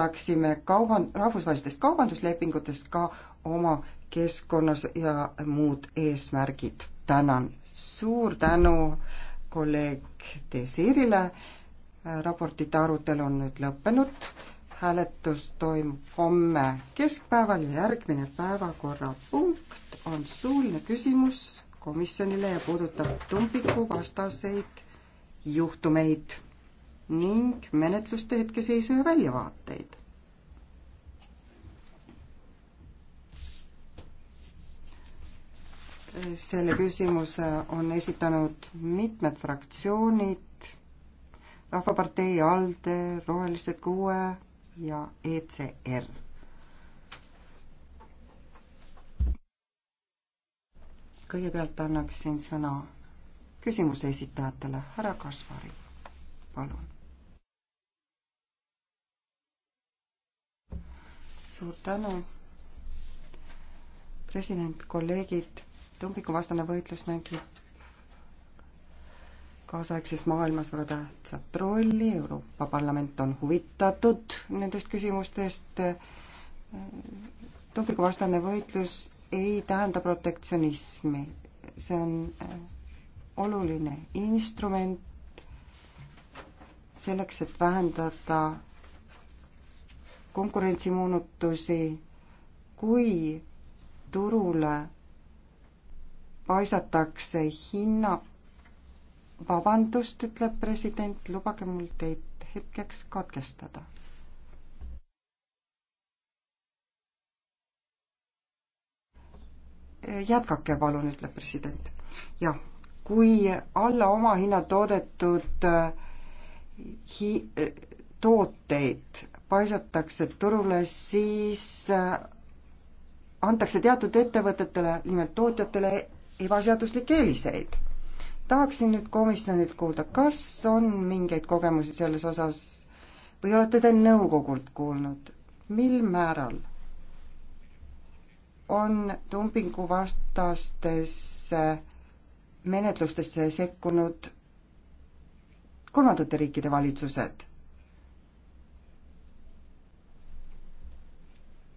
saaksime kauban-, rahvusvahelistest kaubanduslepingutest ka oma keskkonnas ja muud eesmärgid. tänan, suur tänu kolleeg Desirile, raportite arutelu on nüüd lõppenud, hääletus toimub homme keskpäeval ja järgmine päevakorrapunkt on suuline küsimus komisjonile ja puudutab tumbikuvastaseid juhtumeid ning menetluste hetkeseisu ja väljavaateid. selle küsimuse on esitanud mitmed fraktsioonid, Rahvapartei, ALDE, Rohelised Kuue ja ECR kõigepealt annaksin sõna küsimuse esitajatele, härra Kasvari, palun. suur tänu. president, kolleegid, dumpinguvastane võitlus mängib kaasaegses maailmas väga tähtsat rolli, Euroopa Parlament on huvitatud nendest küsimustest. dopinguvastane võitlus ei tähenda protektsionismi, see on äh, oluline instrument selleks, et vähendada konkurentsimoonutusi, kui turule paisatakse hinna, vabandust, ütleb president, lubage mul teid hetkeks katkestada. jätkake palun, ütleb president. jah, kui alla omahinna toodetud äh, hi-, tooteid paisatakse turule, siis äh, antakse teatud ettevõtetele, nimelt tootjatele, ebaseaduslikke eeliseid. tahaksin nüüd komisjonilt kuulda, kas on mingeid kogemusi selles osas või olete te nõukogult kuulnud, mil määral on dumpinguvastastesse menetlustesse sekkunud kolmandate riikide valitsused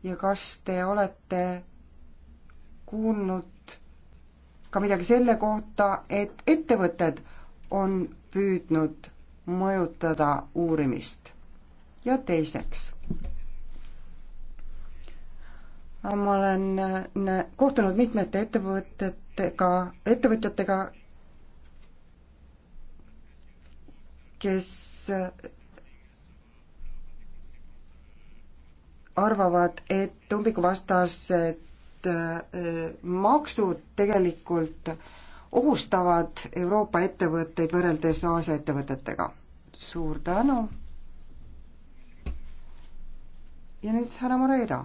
ja kas te olete kuulnud ka midagi selle kohta, et ettevõtted on püüdnud mõjutada uurimist? ja teiseks, ma olen äh, kohtunud mitmete ettevõtetega, ettevõtjatega, kes äh, arvavad, et umbikuvastased äh, maksud tegelikult ohustavad Euroopa ettevõtteid võrreldes Aasia ettevõtetega. suur tänu. ja nüüd härra Moreira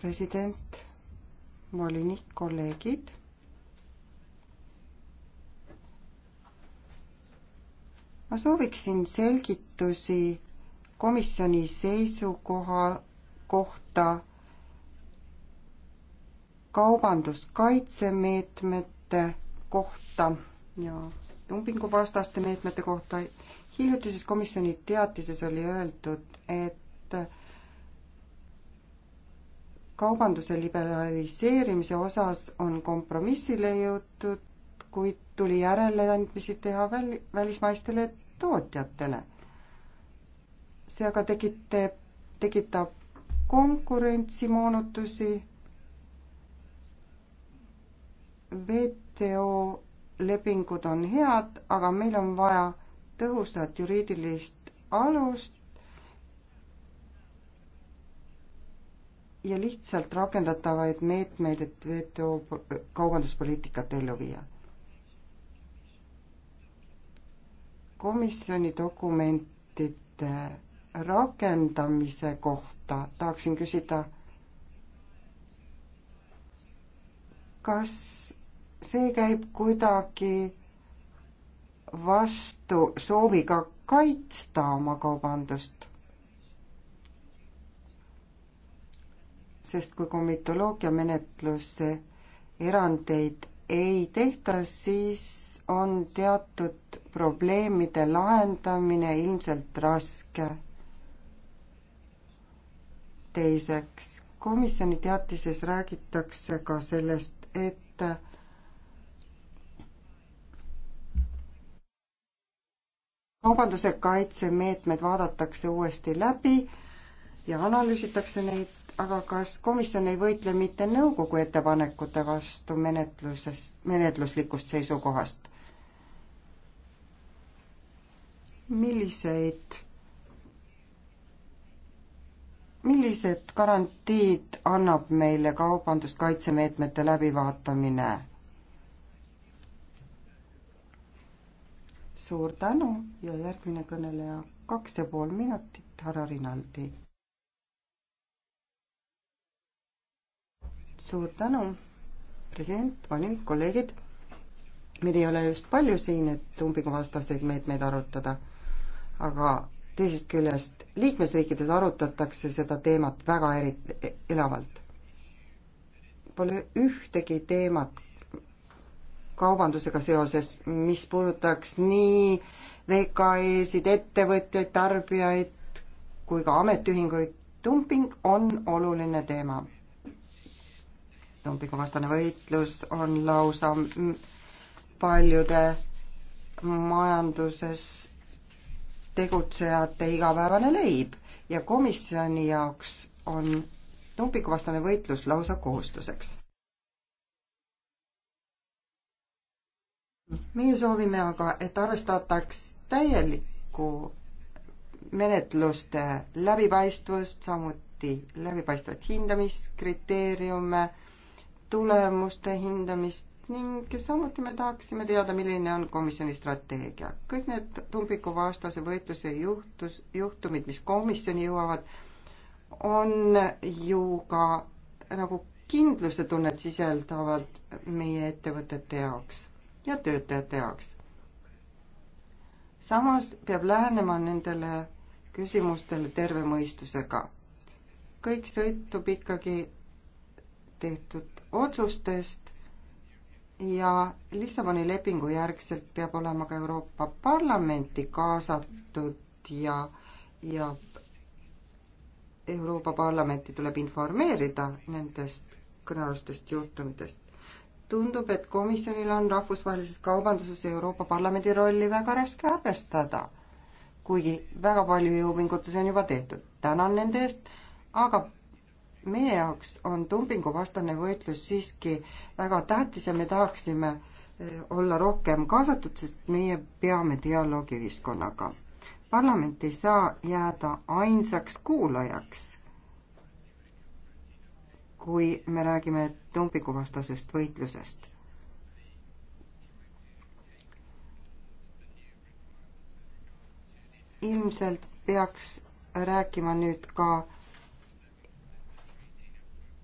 president, volinik, kolleegid ma sooviksin selgitusi komisjoni seisukoha kohta kaubanduskaitsemeetmete kohta ja dumpinguvastaste meetmete kohta. hiljutises komisjoni teatises oli öeldud, et kaubanduse liberaliseerimise osas on kompromissile jõutud, kuid tuli järeleandmisi teha väl-, välismaistele tootjatele. see aga tekitab, tekitab konkurentsimoonutusi. WTO lepingud on head, aga meil on vaja tõhusat juriidilist alust ja lihtsalt rakendatavaid meetmeid, et WTO kaubanduspoliitikat ellu viia. komisjoni dokumentide rakendamise kohta tahaksin küsida, kas see käib kuidagi vastu sooviga kaitsta oma kaubandust? sest kui komitoloogia menetlusse erandeid ei tehta, siis on teatud probleemide lahendamine ilmselt raske. teiseks, komisjoni teatises räägitakse ka sellest, et kaubanduse kaitsemeetmed vaadatakse uuesti läbi ja analüüsitakse neid, aga kas komisjon ei võitle mitte nõukogu ettepanekute vastu menetlusest, menetluslikust seisukohast? milliseid, millised garantiid annab meile kaubanduskaitsemeetmete läbivaatamine? suur tänu ja järgmine kõneleja, kaks ja pool minutit, härra Rinaldi. suur tänu, president, volinik, kolleegid. meil ei ole just palju siin, et umbikuvastaseid meetmeid arutada aga teisest küljest liikmesriikides arutatakse seda teemat väga eri, elavalt. Pole ühtegi teemat kaubandusega seoses, mis puudutaks nii VKE-sid, ettevõtjaid, tarbijaid kui ka ametiühinguid. dumping on oluline teema. dumpinguvastane võitlus on lausa paljude majanduses tegutsejate igapäevane leib ja komisjoni jaoks on tupikuvastane võitlus lausa kohustuseks. meie soovime aga, et arvestataks täielikku menetluste läbipaistvust, samuti läbipaistvat hindamiskriteeriume, tulemuste hindamist, ning samuti me tahaksime teada, milline on komisjoni strateegia. kõik need tumbikuvastase võitluse juhtus, juhtumid, mis komisjoni jõuavad, on ju ka nagu kindlusetunnet sisaldavad meie ettevõtete jaoks ja töötajate jaoks. samas peab lähenema nendele küsimustele terve mõistusega. kõik sõltub ikkagi tehtud otsustest ja Lissaboni lepingu järgselt peab olema ka Euroopa Parlamenti kaasatud ja, ja Euroopa Parlamenti tuleb informeerida nendest kõnealustest juhtumitest. tundub, et komisjonil on rahvusvahelises kaubanduses Euroopa Parlamendi rolli väga raske arvestada, kuigi väga palju jõupingutusi on juba tehtud. tänan nende eest, aga meie jaoks on dumpinguvastane võitlus siiski väga tähtis ja me tahaksime eh, olla rohkem kaasatud, sest meie peame dialoogi ühiskonnaga. parlament ei saa jääda ainsaks kuulajaks, kui me räägime dumpinguvastasest võitlusest. ilmselt peaks rääkima nüüd ka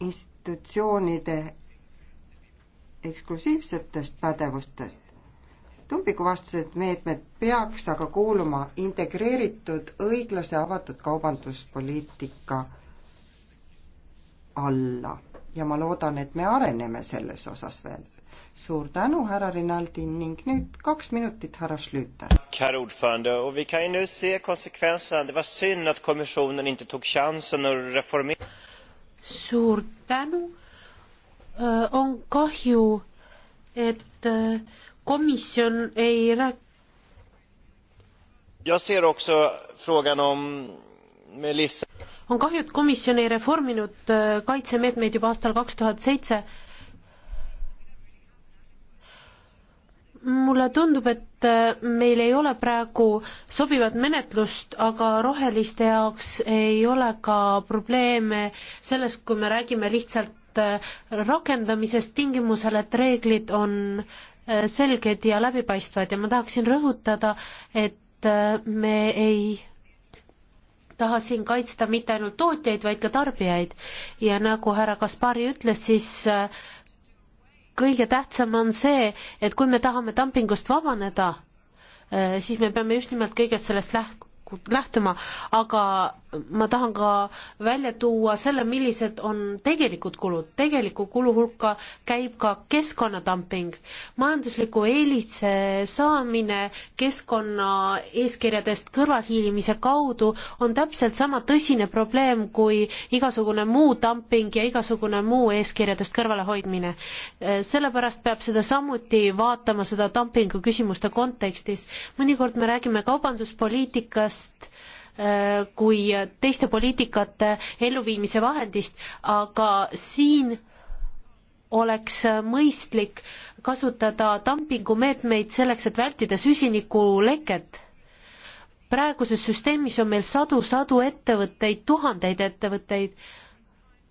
institutsioonide eksklusiivsetest pädevustest. tumbikuvastased meetmed peaks aga kuuluma integreeritud õiglase avatud kaubanduspoliitika alla ja ma loodan, et me areneme selles osas veel. suur tänu, härra Rinaldi ning nüüd kaks minutit, härra Schlüter. Herr ordförande, och vi kan ju nu se konsekvenserna. Det var synd att kommissionen inte tog chansen att reformera suur tänu. on kahju, et komisjon ei rääk-. on kahju, et komisjon ei reforminud kaitsemeetmeid juba aastal kaks tuhat seitse mulle tundub, et äh, meil ei ole praegu sobivat menetlust, aga roheliste jaoks ei ole ka probleeme selles, kui me räägime lihtsalt äh, rakendamisest tingimusel, et reeglid on äh, selged ja läbipaistvad ja ma tahaksin rõhutada, et me ei taha siin kaitsta mitte ainult tootjaid, vaid ka tarbijaid. ja nagu härra Kaspari ütles, siis äh, kõige tähtsam on see, et kui me tahame dumpingust vabaneda, eh, siis me peame just nimelt kõigest sellest lähtuma, aga ma tahan ka välja tuua selle, millised on tegelikud kulud. tegeliku kulu hulka käib ka keskkonnadumping, majandusliku eelise saamine keskkonna eeskirjadest kõrvalhiilimise kaudu on täpselt sama tõsine probleem kui igasugune muu dumping ja igasugune muu eeskirjadest kõrvalehoidmine. sellepärast peab seda samuti vaatama, seda dumpingu küsimuste kontekstis. mõnikord me räägime kaubanduspoliitikast, Äh, kui teiste poliitikate elluviimise vahendist, aga siin oleks mõistlik kasutada dumpingumeetmeid selleks, et vältida süsinikuleket. praeguses süsteemis on meil sadu-sadu ettevõtteid, tuhandeid ettevõtteid,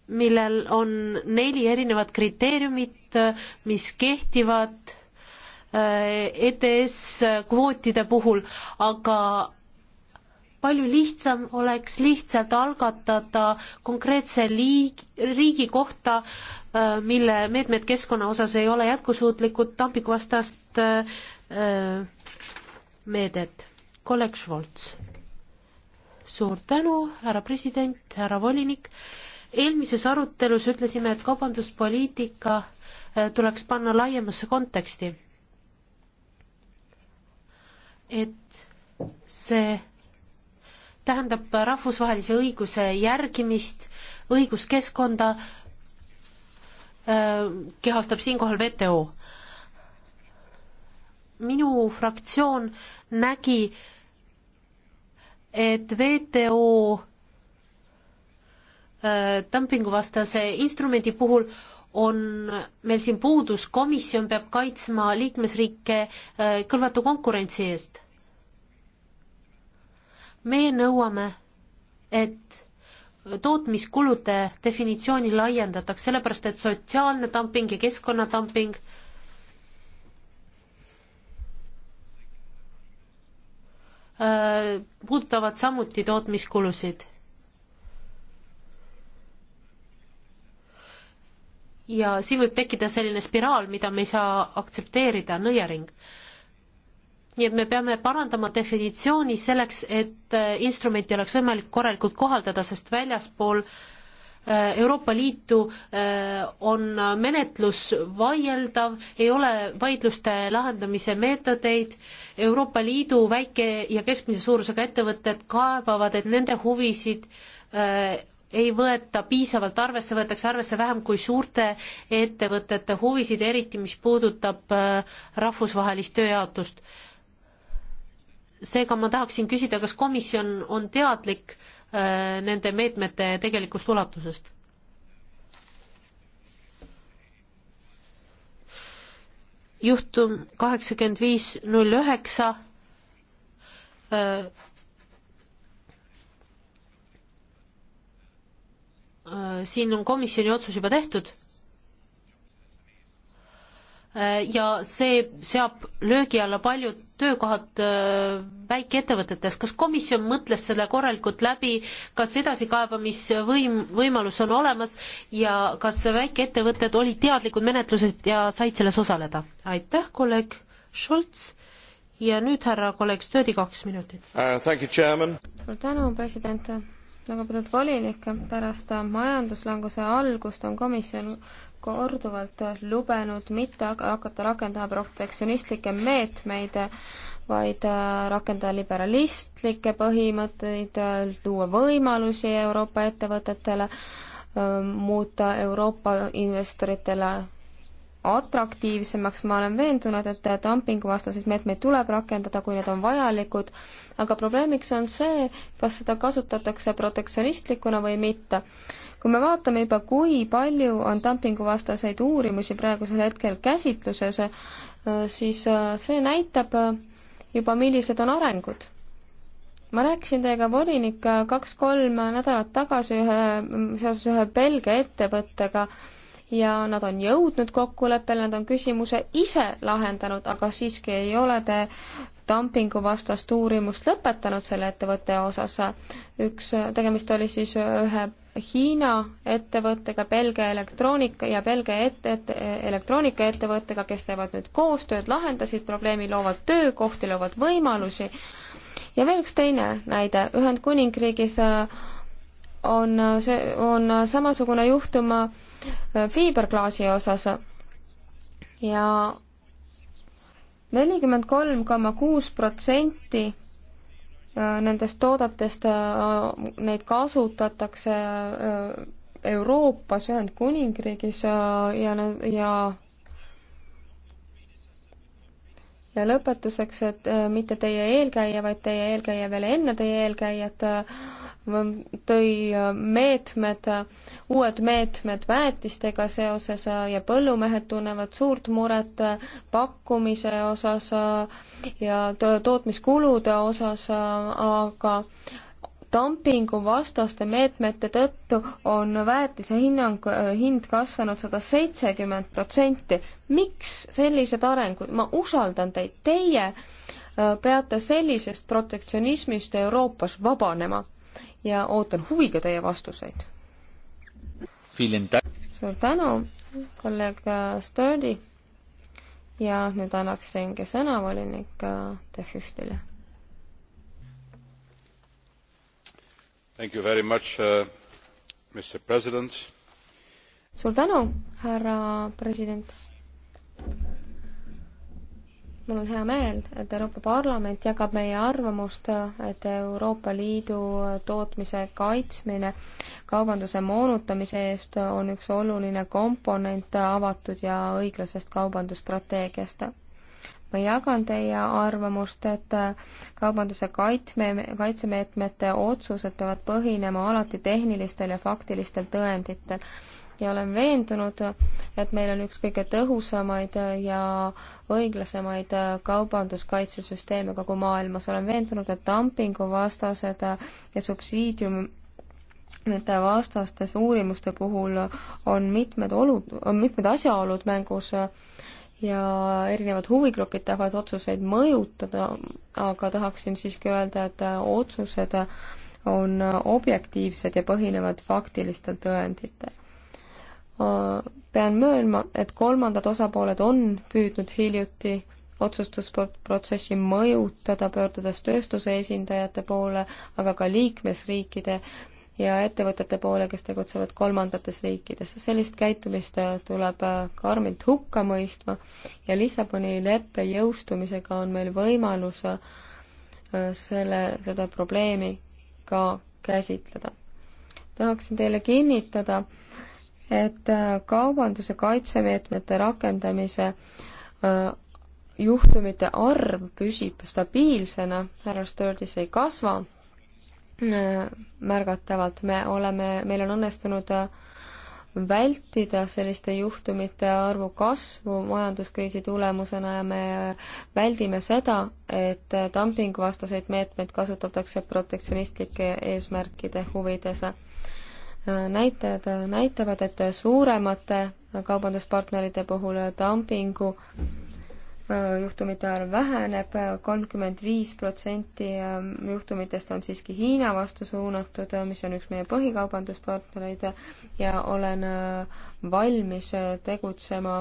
millel on neli erinevat kriteeriumit, mis kehtivad äh, ETS kvootide puhul, aga palju lihtsam oleks lihtsalt algatada konkreetse liig-, riigi kohta, äh, mille meetmed keskkonna osas ei ole jätkusuutlikud, tambikuvastast äh, meedet. kolleeg Švolts. suur tänu, härra president, härra volinik. eelmises arutelus ütlesime, et kaubanduspoliitika äh, tuleks panna laiemasse konteksti. et see tähendab rahvusvahelise õiguse järgimist, õiguskeskkonda äh, kehastab siinkohal WTO. minu fraktsioon nägi, et WTO äh, dumpinguvastase instrumendi puhul on meil siin puudus, komisjon peab kaitsma liikmesriike äh, kõlvatu konkurentsi eest me nõuame, et tootmiskulude definitsiooni laiendataks, sellepärast et sotsiaalne dumping ja keskkonnadamping äh, puudutavad samuti tootmiskulusid. ja siin võib tekkida selline spiraal, mida me ei saa aktsepteerida, nõiaring nii et me peame parandama definitsiooni selleks, et äh, instrumenti oleks võimalik korralikult kohaldada, sest väljaspool äh, Euroopa Liitu äh, on menetlus vaieldav, ei ole vaidluste lahendamise meetodeid, Euroopa Liidu väike- ja keskmise suurusega ettevõtted kaebavad, et nende huvisid ei võeta piisavalt arvesse, võetakse arvesse vähem kui suurte ettevõtete huvisid, eriti mis puudutab rahvusvahelist tööjaotust seega ma tahaksin küsida, kas komisjon on teadlik äh, nende meetmete tegelikust ulatusest? juhtum kaheksakümmend viis null üheksa äh, siin on komisjoni otsus juba tehtud äh, ja see seab löögi alla paljud töökohad äh, väikeettevõtetes, kas komisjon mõtles selle korralikult läbi, kas edasikaebamisvõim, võimalus on olemas ja kas väikeettevõtted olid teadlikud menetlusest ja said selles osaleda? aitäh, kolleeg Scholz ja nüüd härra kolleeg Stöödi kaks minutit uh,. suur tänu, president. lugupeetud volinik, pärast majanduslanguse algust on komisjon korduvalt lubanud mitte hakata rakendama protektsionistlikke meetmeid, vaid äh, rakendada liberalistlikke põhimõtteid, luua võimalusi Euroopa ettevõtetele, äh, muuta Euroopa investoritele atraktiivsemaks, ma olen veendunud, et äh, dumpinguvastaseid meetmeid tuleb rakendada, kui need on vajalikud, aga probleemiks on see, kas seda kasutatakse protektsionistlikuna või mitte kui me vaatame juba, kui palju on dumpinguvastaseid uurimusi praegusel hetkel käsitluses, äh, siis äh, see näitab äh, juba, millised on arengud. ma rääkisin teiega, volinik, kaks-kolm nädalat tagasi ühe, mm, seoses ühe Belgia ettevõttega ja nad on jõudnud kokkuleppele, nad on küsimuse ise lahendanud, aga siiski ei ole te dumpinguvastast uurimust lõpetanud selle ettevõtte osas. üks, tegemist oli siis ühe Hiina ettevõttega, Belgia elektroonika ja Belgia ette, ette, elektroonikaettevõttega, kes teevad nüüd koostööd, lahendasid probleemi, loovad töökohti, loovad võimalusi. ja veel üks teine näide, Ühendkuningriigis äh, on äh, see, on samasugune juhtum äh, fiiberklaasi osas ja nelikümmend kolm koma kuus protsenti nendest toodetest, äh, neid kasutatakse äh, Euroopas, Ühendkuningriigis äh, ja, ja ja lõpetuseks, et mitte teie eelkäija, vaid teie eelkäija veel enne teie eelkäijat tõi äh, meetmed, äh, uued meetmed väetistega seoses äh, ja põllumehed tunnevad suurt muret pakkumise osas ja tootmiskulude osas, aga dumpingu vastaste meetmete tõttu on väetise hinnang, hind kasvanud sada seitsekümmend protsenti. miks sellised arengud, ma usaldan teid, teie peate sellisest protektsionismist Euroopas vabanema ja ootan huviga teie vastuseid. suur tänu, kolleeg Sturdy. ja nüüd annaksingi sõna volinik äh, De Füchtile. Thank you very much uh,, äh, Mr President. suur tänu, härra president mul on hea meel, et Euroopa Parlament jagab meie arvamust, et Euroopa Liidu tootmise kaitsmine kaubanduse moonutamise eest on üks oluline komponent avatud ja õiglasest kaubandusstrateegiast. ma jagan teie arvamust, et kaubanduse kaitme, kaitsemeetmete otsused peavad põhinema alati tehnilistel ja faktilistel tõenditel ja olen veendunud, et meil on üks kõige tõhusamaid ja õiglasemaid kaubanduskaitsesüsteeme kogu maailmas. olen veendunud, et dumpinguvastased ja subsiidium nende vastastes uurimuste puhul on mitmed olud, on mitmed asjaolud mängus ja erinevad huvigrupid tahavad otsuseid mõjutada, aga tahaksin siiski öelda, et otsused on objektiivsed ja põhinevad faktilistel tõenditel pean möönma, et kolmandad osapooled on püüdnud hiljuti otsustusprotsessi mõjutada, pöördudes tööstuse esindajate poole, aga ka liikmesriikide ja ettevõtete poole, kes tegutsevad kolmandates riikides. sellist käitumist tuleb karmilt hukka mõistma ja Lissaboni leppe jõustumisega on meil võimalus äh, selle, seda probleemi ka käsitleda. tahaksin teile kinnitada, et äh, kaubanduse kaitsemeetmete rakendamise äh, juhtumite arv püsib stabiilsena, härra Sturdis ei kasva äh, märgatavalt, me oleme, meil on õnnestunud vältida selliste juhtumite arvu kasvu majanduskriisi tulemusena ja me väldime seda, et dumpingvastaseid meetmeid kasutatakse protektsionistlike eesmärkide huvides näitajad näitavad, et suuremate kaubanduspartnerite puhul dumpingu äh, juhtumite arv väheneb, kolmkümmend viis protsenti mm, juhtumitest on siiski Hiina vastu suunatud, mis on üks meie põhikaubanduspartnereid ja olen äh, valmis äh, tegutsema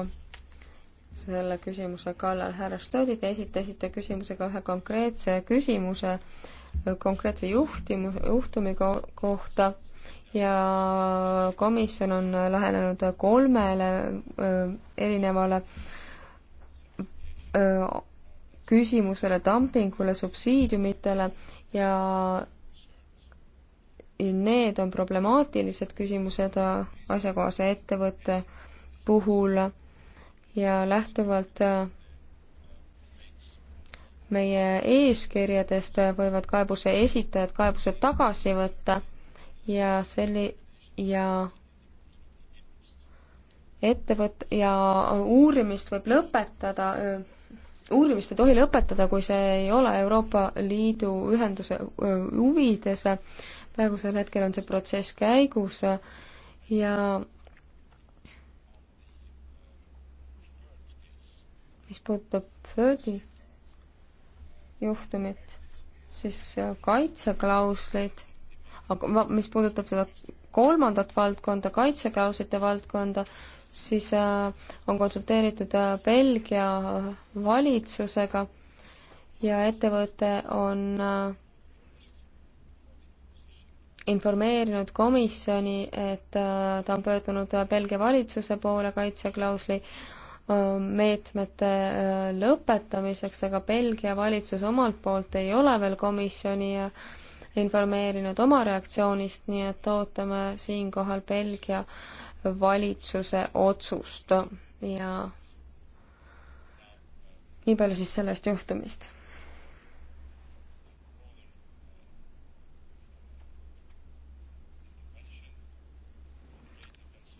selle küsimuse kallal. härra Stodi, te esitasite küsimusega ühe konkreetse küsimuse konkreetse juhtimu, juhtumi ko kohta ja komisjon on lähenenud kolmele erinevale küsimusele, dumpingule, subsiidiumitele ja need on problemaatilised küsimused asjakohase ettevõtte puhul ja lähtuvalt meie eeskirjadest võivad kaebuse esitajad kaebuse tagasi võtta ja selli- ja ettevõt- ja uurimist võib lõpetada, uurimist ei tohi lõpetada, kui see ei ole Euroopa Liidu ühenduse huvides. praegusel hetkel on see protsess käigus ja mis puudutab Thirdi juhtumit, siis kaitseklauslid aga mis puudutab seda kolmandat valdkonda, kaitseklauslite valdkonda, siis äh, on konsulteeritud äh, Belgia valitsusega ja ettevõte on äh, informeerinud komisjoni, et ta on pöördunud Belgia valitsuse poole kaitseklausli meetmete lõpetamiseks, aga Belgia valitsus omalt poolt ei ole veel komisjoni informeerinud oma reaktsioonist, nii et ootame siinkohal Belgia valitsuse otsust ja nii palju siis sellest juhtumist.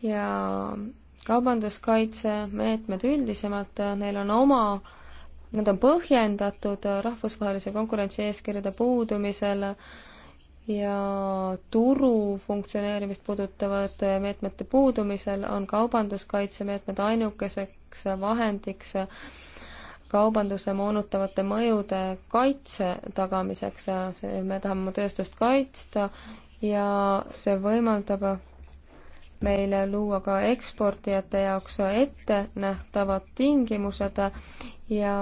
ja kaubanduskaitsemeetmed üldisemalt, neil on oma nad on põhjendatud rahvusvahelise konkurentsi eeskirjade puudumisel ja turu funktsioneerimist puudutavate meetmete puudumisel on kaubanduskaitsemeetmed ainukeseks vahendiks kaubanduse moonutavate mõjude kaitse tagamiseks. me tahame oma tööstust kaitsta ja see võimaldab meile luua ka eksportijate jaoks ettenähtavad tingimused ja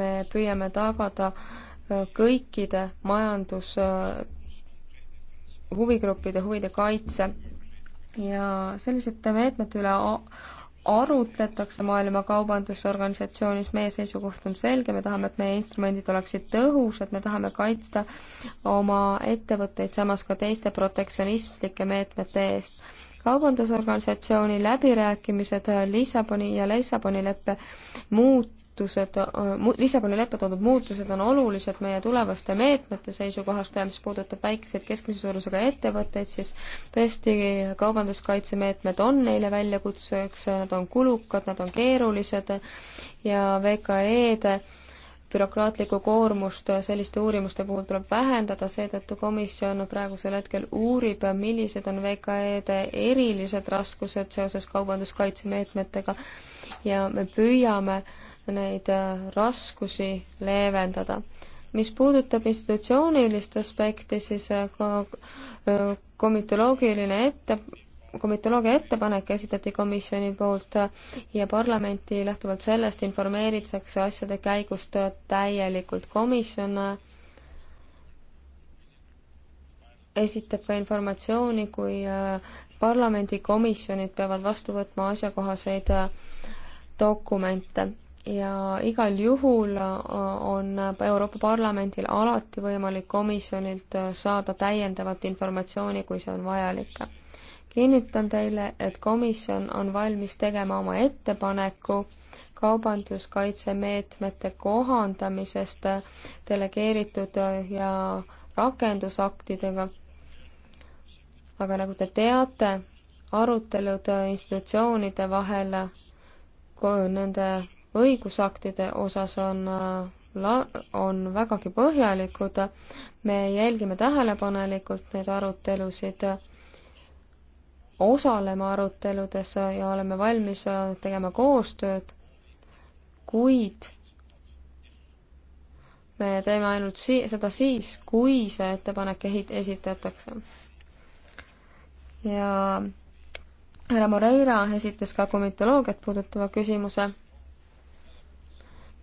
me püüame tagada kõikide majandus huvigruppide huvide kaitse ja sellisete meetmete üle arutletakse Maailma Kaubandusorganisatsioonis, meie seisukoht on selge, me tahame, et meie instrumendid oleksid tõhusad, me tahame kaitsta oma ettevõtteid, samas ka teiste protektsionistlike meetmete eest kaubandusorganisatsiooni läbirääkimised äh, Lissaboni ja Lissaboni leppe muutused, äh, Lissaboni leppe toodud muutused on olulised meie tulevaste meetmete seisukohast ja mis puudutab väikeseid keskmise suurusega ettevõtteid, siis tõesti kaubanduskaitsemeetmed on neile väljakutseks, nad on kulukad, nad on keerulised ja VKE-de bürokraatlikku koormust selliste uurimuste puhul tuleb vähendada, seetõttu komisjon praegusel hetkel uurib, millised on VKE-de erilised raskused seoses kaubanduskaitsemeetmetega ja me püüame neid äh, raskusi leevendada. mis puudutab institutsioonilist aspekti, siis äh, äh, komitoloogiline ette komitoloogia ettepanek esitati komisjoni poolt ja parlamenti lähtuvalt sellest informeeritakse asjade käigust täielikult. komisjon esitab ka informatsiooni, kui äh, parlamendikomisjonid peavad vastu võtma asjakohaseid äh, dokumente ja igal juhul äh, on Euroopa Parlamendil alati võimalik komisjonilt saada täiendavat informatsiooni, kui see on vajalik kinnitan teile, et komisjon on valmis tegema oma ettepaneku kaubanduskaitsemeetmete kohandamisest delegeeritud ja rakendusaktidega. aga nagu te teate, arutelud institutsioonide vahel nende õigusaktide osas on la-, on vägagi põhjalikud. me jälgime tähelepanelikult neid arutelusid osalema aruteludes ja oleme valmis äh, tegema koostööd, kuid me teeme ainult si-, seda siis, kui see ettepanek ehit-, esitatakse. ja härra Moreira esitas ka komitoloogiat puudutava küsimuse.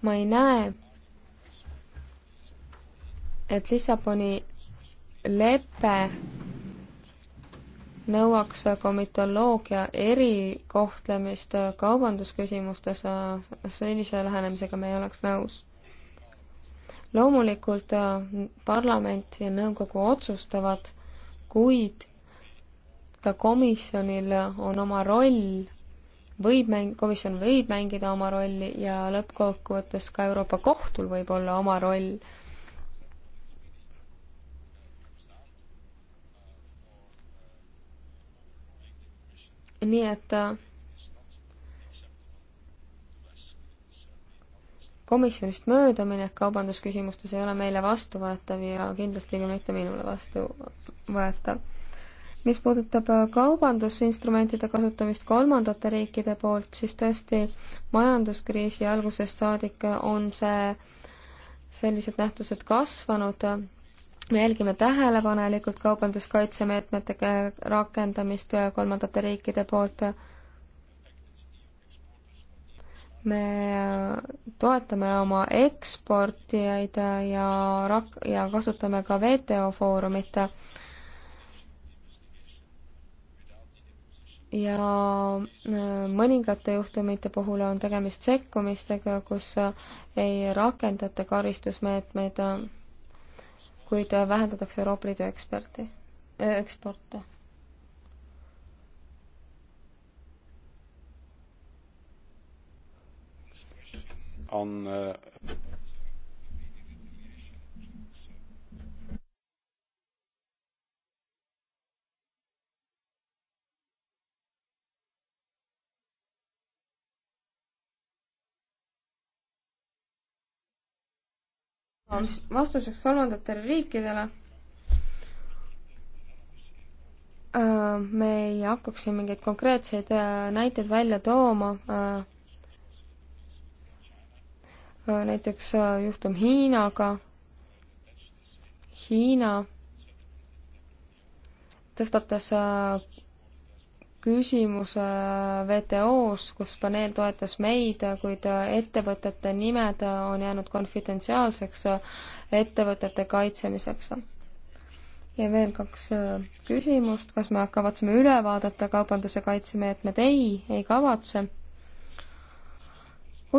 ma ei näe, et Lissaboni lepe nõuaks komitoloogia erikohtlemist kaubandusküsimustes, sellise lähenemisega me ei oleks nõus. loomulikult äh, parlament ja nõukogu otsustavad, kuid ka komisjonil on oma roll, võib mäng-, komisjon võib mängida oma rolli ja lõppkokkuvõttes ka Euroopa Kohtul võib olla oma roll nii et äh, komisjonist möödaminek kaubandusküsimustes ei ole meile vastuvõetav ja kindlasti ka mitte minule vastuvõetav. mis puudutab äh, kaubandusinstrumentide kasutamist kolmandate riikide poolt, siis tõesti majanduskriisi algusest saadik on see, sellised nähtused kasvanud me jälgime tähelepanelikult kaubanduskaitsemeetmete rakendamist kolmandate riikide poolt. me toetame oma eksportijaid ja rak-, ja kasutame ka WTO foorumit. ja äh, mõningate juhtumite puhul on tegemist sekkumistega, kus ei rakendata karistusmeetmeid kuid vähendatakse Euroopa Liidu eksperti, eh, eksporte. on eh, vastuseks kolmandatele riikidele äh, me ei hakkaks siin mingeid konkreetseid äh, näiteid välja tooma. Äh, näiteks juhtum Hiinaga. Hiina tõstatas küsimuse WTO-s, kus paneel toetas meid, kuid ettevõtete nimed on jäänud konfidentsiaalseks ettevõtete kaitsemiseks. ja veel kaks äh, küsimust, kas me kavatseme üle vaadata kaubanduse kaitsemeetmed? ei, ei kavatse.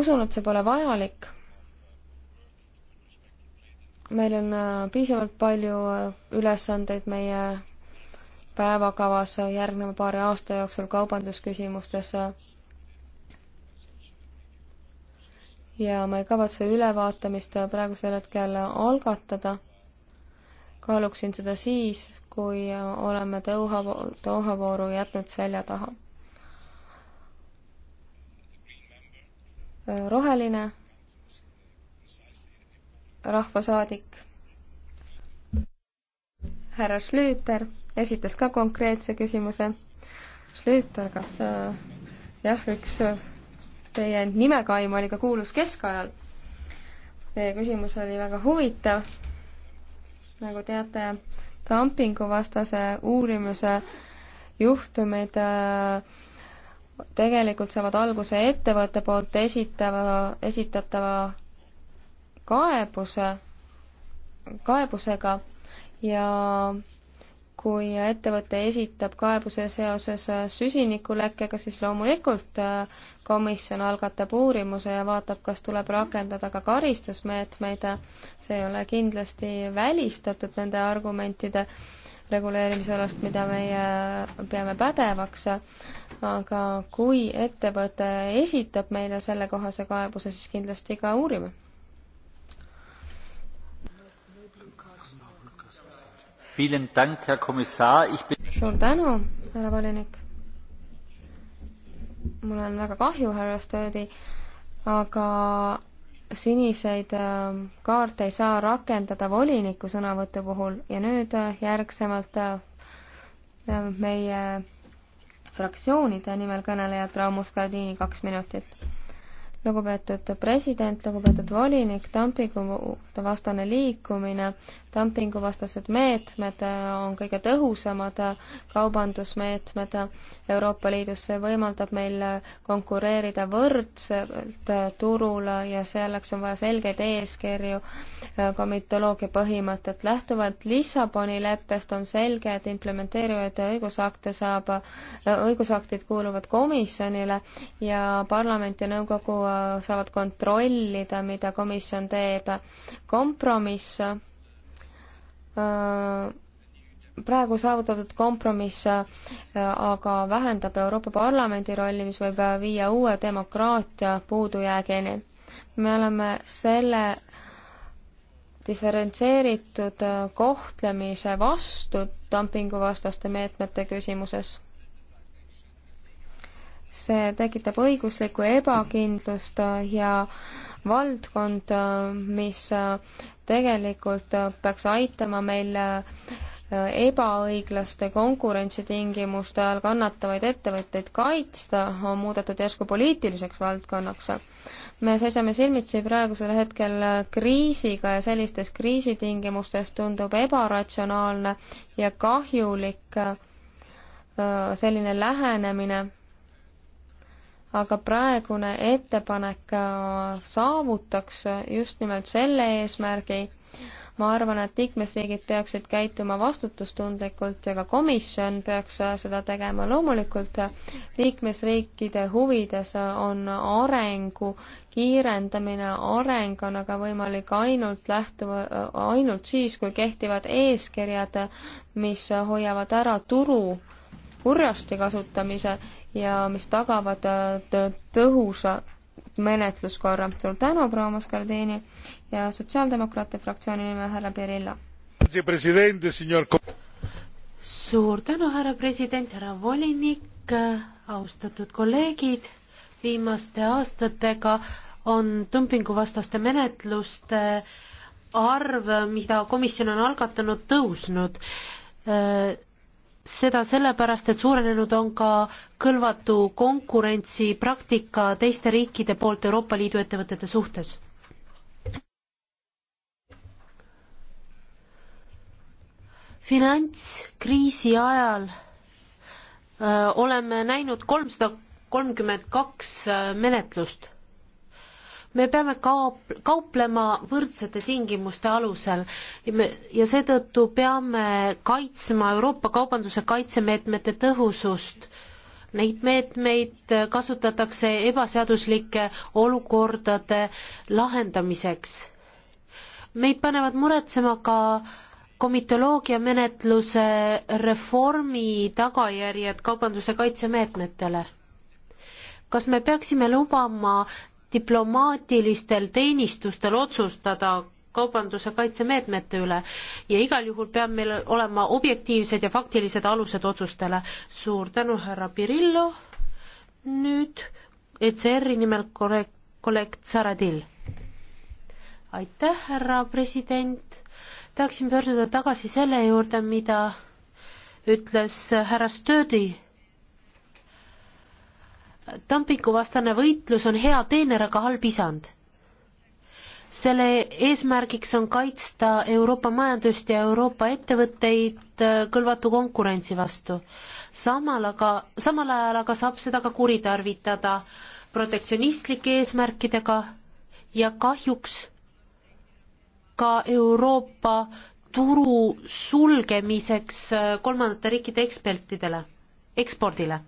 usun, et see pole vajalik meil on äh, piisavalt palju äh, ülesandeid meie päevakavas järgneva paari aasta jooksul kaubandusküsimustes. ja ma ei kavatse ülevaatamist praegusel hetkel algatada. kaaluksin seda siis, kui oleme Doha, Doha vooru jätnud selja taha. roheline rahvasaadik härra Schlüter esitas ka konkreetse küsimuse. Schlüter, kas äh, jah, üks äh, teie nimekaim oli ka kuulus keskajal. Teie küsimus oli väga huvitav. nagu teate, dumpinguvastase uurimuse juhtumid äh, tegelikult saavad alguse ettevõtte poolt esitava, esitatava kaebuse, kaebusega ja kui ettevõte esitab kaebuse seoses süsinikulekkega, siis loomulikult äh, komisjon algatab uurimuse ja vaatab, kas tuleb rakendada ka karistusmeetmeid. see ei ole kindlasti välistatud nende argumentide reguleerimisalast, mida meie peame pädevaks. aga kui ettevõte esitab meile sellekohase kaebuse, siis kindlasti ka uurime suur tänu, härra volinik. mul on väga kahju, härra Stöödi, aga siniseid ähm, kaarte ei saa rakendada voliniku sõnavõtu puhul ja nüüd äh, järgsemalt äh, äh, meie fraktsioonide nimel kõnelejad, Raumus Gardiini kaks minutit lugupeetud president, lugupeetud volinik, dumpinguvastane liikumine, dumpinguvastased meetmed äh, on kõige tõhusamad äh, kaubandusmeetmed äh, Euroopa Liidus, see võimaldab meil konkureerida võrdselt turul ja selleks on vaja selgeid eeskirju, ka mitoloogia põhimõtet. lähtuvalt Lissaboni leppest on selge, et implementeerivaid õigusakte saab, õigusaktid kuuluvad komisjonile ja parlament ja nõukogu saavad kontrollida, mida komisjon teeb. kompromiss, äh, praegu saavutatud kompromiss äh, aga vähendab Euroopa Parlamendi rolli, mis võib äh, viia uue demokraatia puudujäägini. me oleme selle diferentseeritud kohtlemise vastu dumpinguvastaste meetmete küsimuses see tekitab õiguslikku ebakindlust äh, ja valdkond, äh, mis äh, tegelikult peaks aitama meil ebaõiglaste konkurentsitingimuste all kannatavaid ettevõtteid kaitsta, on muudetud järsku poliitiliseks valdkonnaks. me seisame silmitsi praegusel hetkel kriisiga ja sellistes kriisitingimustes tundub ebaratsionaalne ja kahjulik selline lähenemine aga praegune ettepanek äh, saavutaks äh, just nimelt selle eesmärgi. ma arvan, et liikmesriigid peaksid käituma vastutustundlikult ja ka komisjon peaks äh, seda tegema. loomulikult liikmesriikide huvides on arengu kiirendamine, areng on aga võimalik ainult lähtuva, ainult siis, kui kehtivad eeskirjad, mis hoiavad ära turu kurjasti kasutamise ja mis tagavad äh, tõhusa menetluskorra. suur tänu, proua Moskardiini ja Sotsiaaldemokraatia fraktsiooni nimel härra Pirilla. suur tänu, härra president, härra volinik, austatud kolleegid, viimaste aastatega on dumpinguvastaste menetluste arv, mida komisjon on algatanud, tõusnud äh, seda sellepärast, et suurenenud on ka kõlvatu konkurentsipraktika teiste riikide poolt Euroopa Liidu ettevõtete suhtes. finantskriisi ajal öö, äh, oleme näinud kolmsada kolmkümmend kaks äh, menetlust me peame kaab-, kauplema võrdsete tingimuste alusel ja me, ja seetõttu peame kaitsma Euroopa kaubanduse kaitsemeetmete tõhusust. Neid meetmeid kasutatakse ebaseaduslike olukordade lahendamiseks. meid panevad muretsema ka komitoloogia menetluse reformi tagajärjed kaubanduse kaitsemeetmetele kas me peaksime lubama diplomaatilistel teenistustel otsustada kaubanduse kaitsemeetmete üle ja igal juhul peab meil olema objektiivsed ja faktilised alused otsustele. suur tänu, härra Pirillo, nüüd ECR-i nimel kolleeg, kolleeg Tsaradil. aitäh, härra president, tahaksin pöörduda tagasi selle juurde, mida ütles härra Stöödi dumpinguvastane võitlus on hea teener, aga halb isand. selle eesmärgiks on kaitsta Euroopa majandust ja Euroopa ettevõtteid äh, kõlvatu konkurentsi vastu. samal aga, samal ajal aga saab seda ka kuritarvitada protektsionistlike eesmärkidega ja kahjuks ka Euroopa turu sulgemiseks äh, kolmandate riikide ekspertidele, ekspordile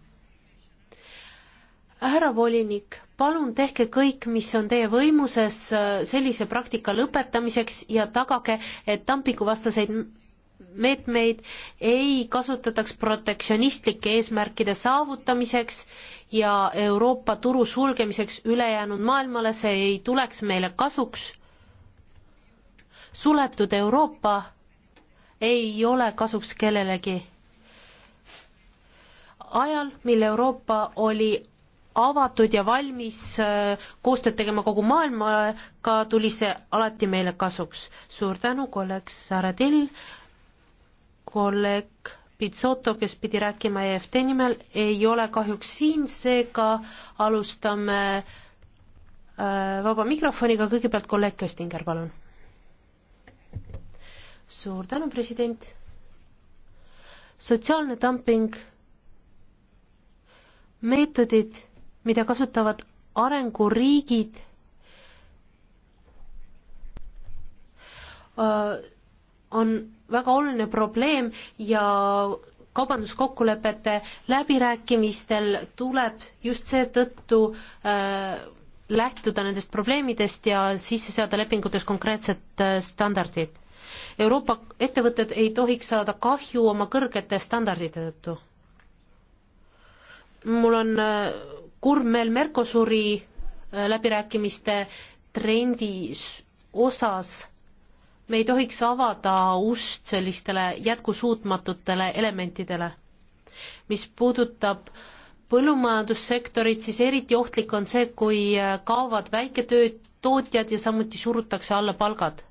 härra volinik, palun tehke kõik, mis on teie võimuses äh, sellise praktika lõpetamiseks ja tagage, et dumpinguvastaseid meetmeid ei kasutataks protektsionistlike eesmärkide saavutamiseks ja Euroopa turu sulgemiseks ülejäänud maailmale, see ei tuleks meile kasuks. suletud Euroopa ei ole kasuks kellelegi. ajal, mil Euroopa oli avatud ja valmis äh, koostööd tegema kogu maailmaga, tuli see alati meile kasuks. suur tänu, kolleeg Saare Till, kolleeg Pitsoto, kes pidi rääkima EFT nimel, ei ole kahjuks siin, seega alustame äh, vaba mikrofoniga, kõigepealt kolleeg Köstinger, palun. suur tänu, president. sotsiaalne dumping meetodid mida kasutavad arenguriigid äh, on väga oluline probleem ja kaubanduskokkulepete läbirääkimistel tuleb just seetõttu äh, lähtuda nendest probleemidest ja sisse seada lepingutes konkreetsed äh, standardid. Euroopa ettevõtted ei tohiks saada kahju oma kõrgete standardide tõttu. mul on äh, kurb meel Mercosuri äh, läbirääkimiste trendi osas me ei tohiks avada ust sellistele jätkusuutmatutele elementidele. mis puudutab põllumajandussektorit, siis eriti ohtlik on see, kui äh, kaovad väiketöötootjad ja samuti surutakse alla palgad.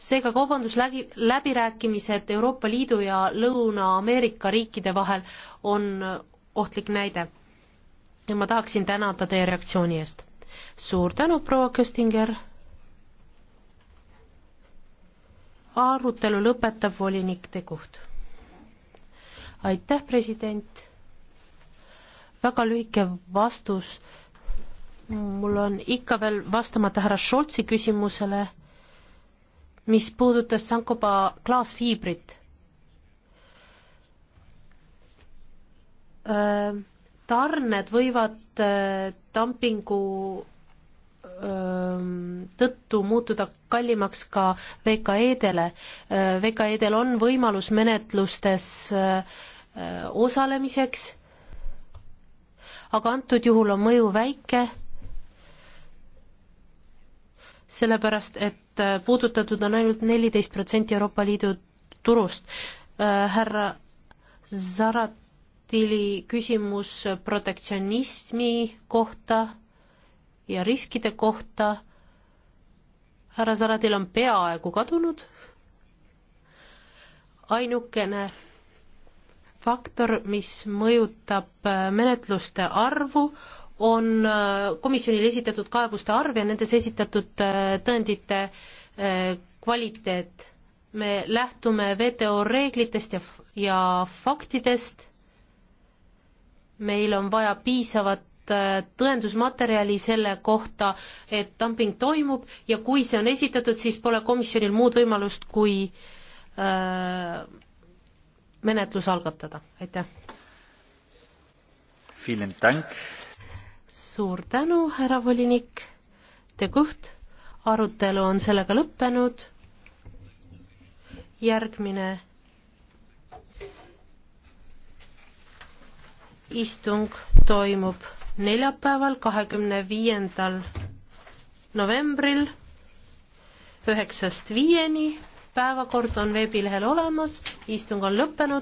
seega kaubanduslägi, läbirääkimised Euroopa Liidu ja Lõuna-Ameerika riikide vahel on ohtlik näide. ja ma tahaksin tänada teie reaktsiooni eest. suur tänu, proua Köstinger. arutelu lõpetab volinik De Gucht. aitäh, president. väga lühike vastus. mul on ikka veel vastamata härra Scholzi küsimusele mis puudutas Sankoba klaasfiibrit. Äh, tarned võivad äh, dumpingu ähm, tõttu muutuda kallimaks ka VKE-dele. Äh, VKE-del on võimalus menetlustes osalemiseks, aga antud juhul on mõju väike, sellepärast et sest äh, puudutatud on ainult neliteist protsenti Euroopa Liidu turust. Äh, härra Zaratili küsimus protektsionismi kohta ja riskide kohta. härra Zaratil on peaaegu kadunud. ainukene faktor, mis mõjutab äh, menetluste arvu, on äh, komisjonile esitatud kaebuste arv ja nendes esitatud äh, tõendite äh, kvaliteet. me lähtume WTO reeglitest ja, ja faktidest, meil on vaja piisavat tõendusmaterjali selle kohta, et dumping toimub ja kui see on esitatud, siis pole komisjonil muud võimalust, kui äh, menetlus algatada, aitäh suur tänu, härra volinik, De Gucht, arutelu on sellega lõppenud. järgmine istung toimub neljapäeval, kahekümne viiendal novembril üheksast viieni. päevakord on veebilehel olemas, istung on lõppenud.